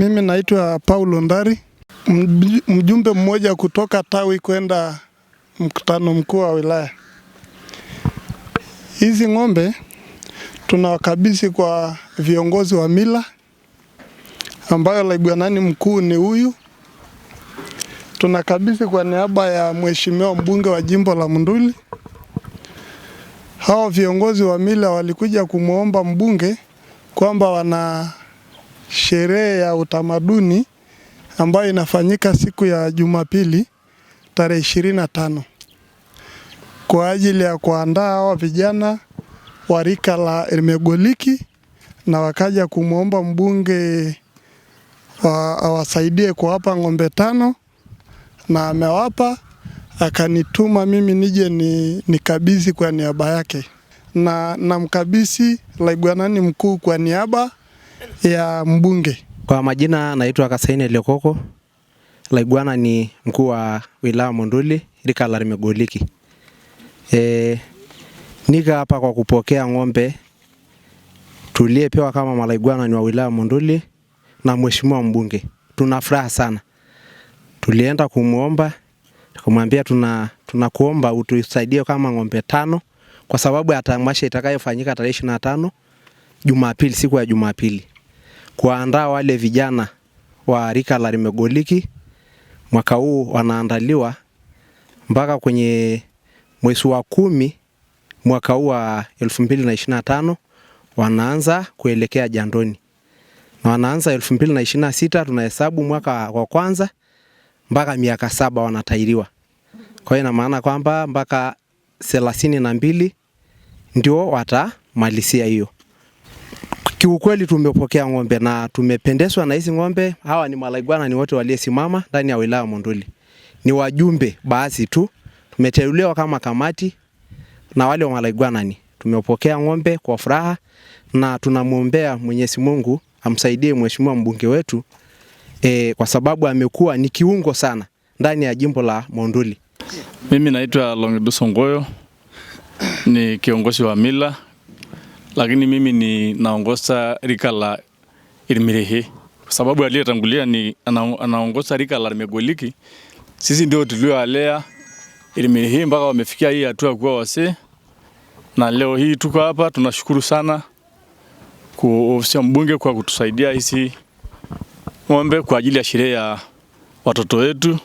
Mimi naitwa Paulo Ndari, mjumbe mmoja kutoka tawi kwenda mkutano mkuu wa wilaya. Hizi ng'ombe tunawakabidhi kwa viongozi wa mila ambayo laibwanani mkuu ni huyu. Tunakabidhi kwa niaba ya mheshimiwa mbunge wa jimbo la Munduli. Hao viongozi wa mila walikuja kumwomba mbunge kwamba wana sherehe ya utamaduni ambayo inafanyika siku ya Jumapili tarehe ishirini na tano kwa ajili ya kuandaa hawa vijana wa rika la Irmegoliki na wakaja kumwomba mbunge awasaidie kuwapa ng'ombe tano na amewapa, akanituma mimi nije ni nikabidhi kwa niaba yake, na namkabidhi Laigwanani mkuu kwa niaba ya mbunge. Kwa majina naitwa Kasaine Lekoko Laigwana, ni mkuu wa wilaya Monduli, rika la Limegoliki. E, nika hapa kwa kupokea ng'ombe tuliyepewa kama malaigwana ni wa wilaya Monduli na mheshimiwa mbunge. Tuna furaha sana, tulienda kumwomba kumwambia tuna tunakuomba utusaidie kama ng'ombe tano kwa sababu ya tamasha itakayofanyika tarehe ishirini na tano Jumapili, siku ya Jumapili kuwaandaa wale vijana wa rika la rimegoliki Mwaka huu wanaandaliwa mpaka kwenye mwezi wa kumi mwaka huu wa 2025 wanaanza kuelekea jandoni na wanaanza 2026 tunahesabu mwaka wa kwanza mpaka miaka saba wanatairiwa. Kwa hiyo ina maana kwamba mpaka thelathini na mbili ndio watamalizia hiyo. Kiukweli tumepokea ng'ombe na tumependezwa na hizi ng'ombe. Hawa ni malaigwana, ni wote waliosimama ndani ya wilaya Monduli, ni wajumbe baadhi tu, tumeteuliwa kama kamati na wale wa malaigwana. Ni tumepokea ng'ombe kwa furaha na tunamwombea Mwenyezi Mungu amsaidie mheshimiwa mbunge wetu e, kwa sababu amekuwa ni kiungo sana ndani ya jimbo la Monduli. Mimi naitwa Longiduso Ngoyo, ni kiongozi wa mila lakini mimi ni naongoza rika la Irmirehe kwa sababu aliyetangulia ni anaongoza rika la Irmegoliki. Sisi ndio tulioalea Irmirehe mpaka wamefikia hii hatua kuwa wasee, na leo hii tuko hapa. Tunashukuru sana kwa ofisi ya mbunge kwa kutusaidia hisi ng'ombe kwa ajili ya sherehe ya watoto wetu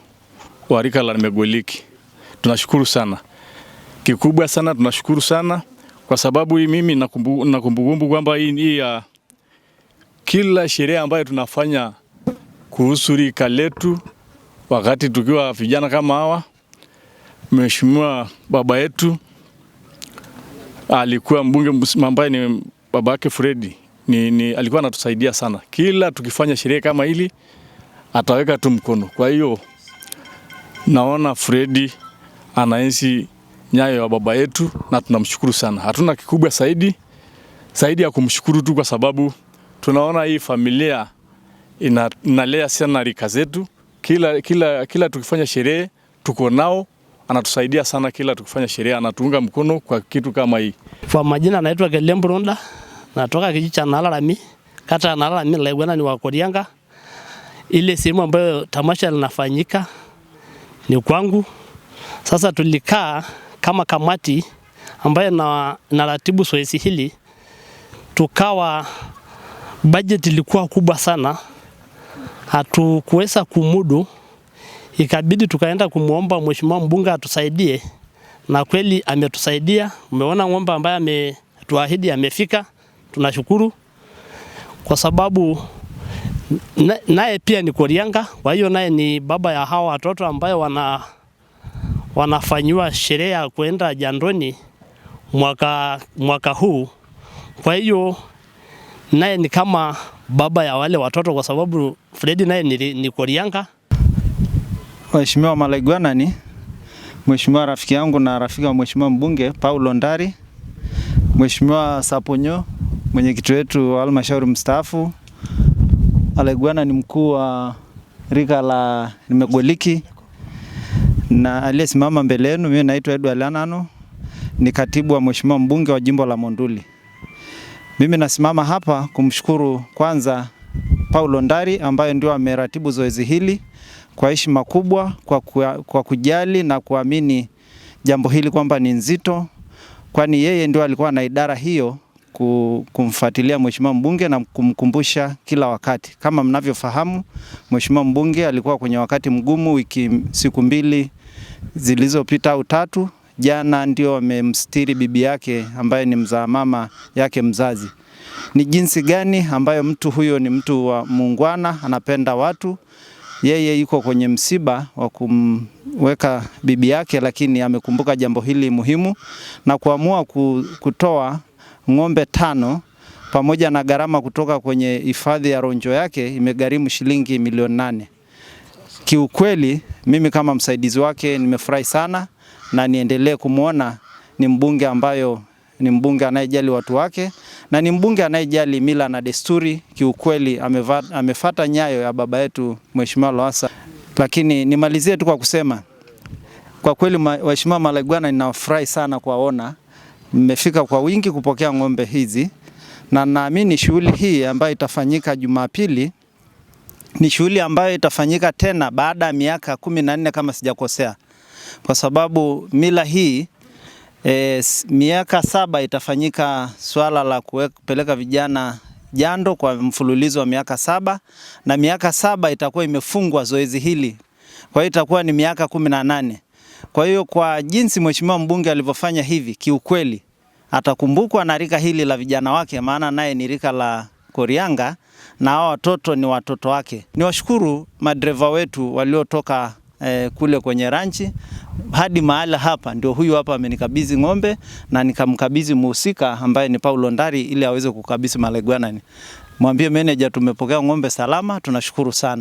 wa rika la Irmegoliki. Tunashukuru sana, kikubwa sana tunashukuru sana kwa sababu hii mimi na kumbukumbu kwamba hii, ya kila sherehe ambayo tunafanya kuhusu rika letu wakati tukiwa vijana kama hawa, mheshimiwa baba yetu alikuwa mbunge ambaye ni baba yake Fredi ni, ni, alikuwa anatusaidia sana kila tukifanya sherehe kama hili ataweka tu mkono. Kwa hiyo naona Fredi anaenzi nyayo ya baba yetu, na tunamshukuru sana. Hatuna kikubwa zaidi zaidi ya kumshukuru tu, kwa sababu tunaona hii familia ina, inalea sana rika zetu. Kila, kila, kila tukifanya sherehe tuko nao, anatusaidia sana. Kila tukifanya sherehe anatuunga mkono kwa kitu kama hii. Kwa majina anaitwa Kelembo natoka kijiji cha Nalalami, kata ya Nalalami, Laigwana ni wa Ile sehemu ambayo tamasha linafanyika ni kwangu. Sasa tulikaa kama kamati ambayo na naratibu zoezi hili, tukawa bajeti ilikuwa kubwa sana, hatukuweza kumudu, ikabidi tukaenda kumwomba mheshimiwa mbunge atusaidie, na kweli ametusaidia. Umeona ng'ombe ambaye ametuahidi amefika, tunashukuru kwa sababu naye pia ni korianga kwa hiyo naye ni baba ya hawa watoto ambayo wana wanafanyiwa sherehe ya kwenda jandoni mwaka, mwaka huu. Kwa hiyo naye ni kama baba ya wale watoto kwa sababu Fredi naye ni, ni Korianga. Mheshimiwa Malaigwanani, Mheshimiwa rafiki yangu na rafiki wa Mheshimiwa mbunge Paulo Ndari, Mheshimiwa Saponyo mwenyekiti wetu wa halmashauri mstaafu, malaigwanani ni mkuu wa rika la Nimegoliki, na aliyesimama mbele yenu, mimi naitwa Edward Lanano, ni katibu wa mheshimiwa mbunge wa jimbo la Monduli. Mimi nasimama hapa kumshukuru kwanza Paulo Ndari ambaye ndio ameratibu zoezi hili kwa heshima kubwa, kwa, kwa kujali na kuamini jambo hili kwamba ni nzito, kwani yeye ndio alikuwa na idara hiyo kumfuatilia mheshimiwa mbunge na kumkumbusha kila wakati. Kama mnavyofahamu, mheshimiwa mbunge alikuwa kwenye wakati mgumu wiki siku mbili zilizopita au tatu. Jana ndio wamemstiri bibi yake ambaye ni mzaa mama yake mzazi. Ni jinsi gani ambayo mtu huyo ni mtu wa muungwana, anapenda watu yeye yuko kwenye msiba wa kumweka bibi yake, lakini amekumbuka jambo hili muhimu na kuamua kutoa ng'ombe tano pamoja na gharama kutoka kwenye hifadhi ya Ronjo yake imegharimu shilingi milioni nane. Kiukweli mimi kama msaidizi wake nimefurahi sana na niendelee kumwona ni mbunge ambayo ni mbunge anayejali watu wake na ni mbunge anayejali mila na desturi. Kiukweli amefata nyayo ya baba yetu Mheshimiwa Lowassa. Lakini nimalizie tu kwa kusema kwa kweli, Mheshimiwa Malaigwana, ninafurahi sana kuwaona mmefika kwa wingi kupokea ng'ombe hizi, na naamini shughuli hii ambayo itafanyika Jumapili ni shughuli ambayo itafanyika tena baada ya miaka kumi na nne kama sijakosea, kwa sababu mila hii e, miaka saba itafanyika swala la kupeleka vijana jando kwa mfululizo wa miaka saba na miaka saba itakuwa imefungwa zoezi hili, kwa hiyo itakuwa ni miaka kumi na nane. Kwa hiyo kwa jinsi mheshimiwa mbunge alivyofanya hivi, kiukweli atakumbukwa na rika hili la vijana wake, maana naye ni rika la korianga na hao watoto ni watoto wake. Niwashukuru madereva wetu waliotoka eh, kule kwenye ranchi hadi mahala hapa. Ndio huyu hapa amenikabidhi ng'ombe na nikamkabidhi muhusika ambaye ni Paulo Ndari ili aweze kukabidhi Malaigwanani. Mwambie meneja tumepokea ng'ombe salama, tunashukuru sana.